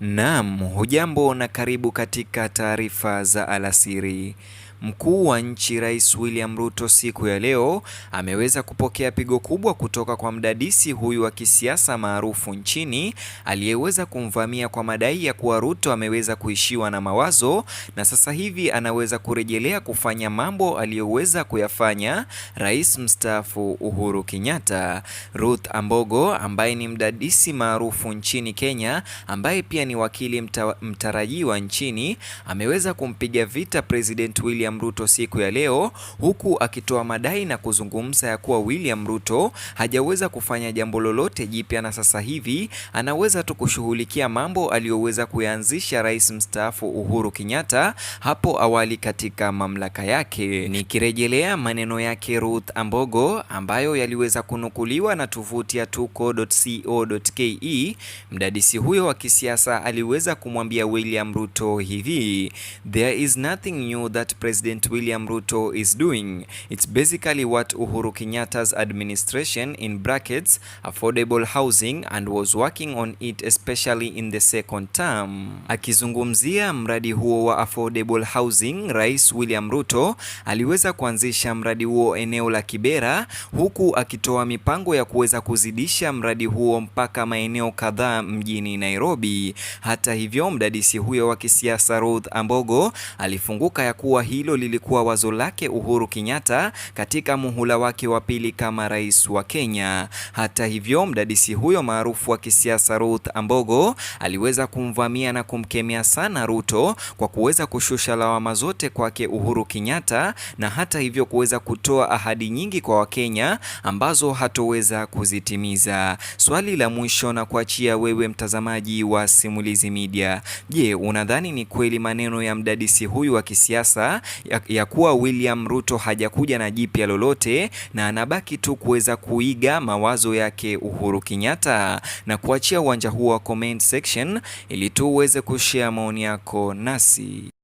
Naam, hujambo na karibu katika taarifa za alasiri. Mkuu wa nchi Rais William Ruto siku ya leo ameweza kupokea pigo kubwa kutoka kwa mdadisi huyu wa kisiasa maarufu nchini aliyeweza kumvamia kwa madai ya kuwa Ruto ameweza kuishiwa na mawazo na sasa hivi anaweza kurejelea kufanya mambo aliyoweza kuyafanya Rais mstaafu Uhuru Kenyatta. Ruth Ambogo ambaye ni mdadisi maarufu nchini Kenya ambaye pia ni wakili mta, mtarajiwa nchini ameweza kumpiga vita President William William Ruto siku ya leo, huku akitoa madai na kuzungumza ya kuwa William Ruto hajaweza kufanya jambo lolote jipya na sasa hivi anaweza tu kushughulikia mambo aliyoweza kuyaanzisha rais mstaafu Uhuru Kenyatta hapo awali katika mamlaka yake. Nikirejelea maneno yake Ruth Ambogo ambayo yaliweza kunukuliwa na tovuti ya tuko.co.ke, mdadisi huyo wa kisiasa aliweza kumwambia William Ruto hivi, There is nothing new that president President William Ruto is doing. It's basically what Uhuru Kenyatta's administration in brackets affordable housing and was working on it especially in the second term. Akizungumzia mradi huo wa affordable housing, Rais William Ruto aliweza kuanzisha mradi huo eneo la Kibera huku akitoa mipango ya kuweza kuzidisha mradi huo mpaka maeneo kadhaa mjini Nairobi. Hata hivyo, mdadisi huyo wa kisiasa Ruth Ambogo alifunguka ya kuwa hilo hilo lilikuwa wazo lake Uhuru Kenyatta katika muhula wake wa pili kama rais wa Kenya. Hata hivyo, mdadisi huyo maarufu wa kisiasa Ruth Ambogo aliweza kumvamia na kumkemea sana Ruto kwa kuweza kushusha lawama zote kwake Uhuru Kenyatta na hata hivyo kuweza kutoa ahadi nyingi kwa Wakenya ambazo hatoweza kuzitimiza. Swali la mwisho na kuachia wewe mtazamaji wa Simulizi Media. Je, unadhani ni kweli maneno ya mdadisi huyu wa kisiasa ya, ya kuwa William Ruto hajakuja na jipya lolote na anabaki tu kuweza kuiga mawazo yake Uhuru Kenyatta, na kuachia uwanja huo wa comment section ili tu uweze kushare maoni yako nasi.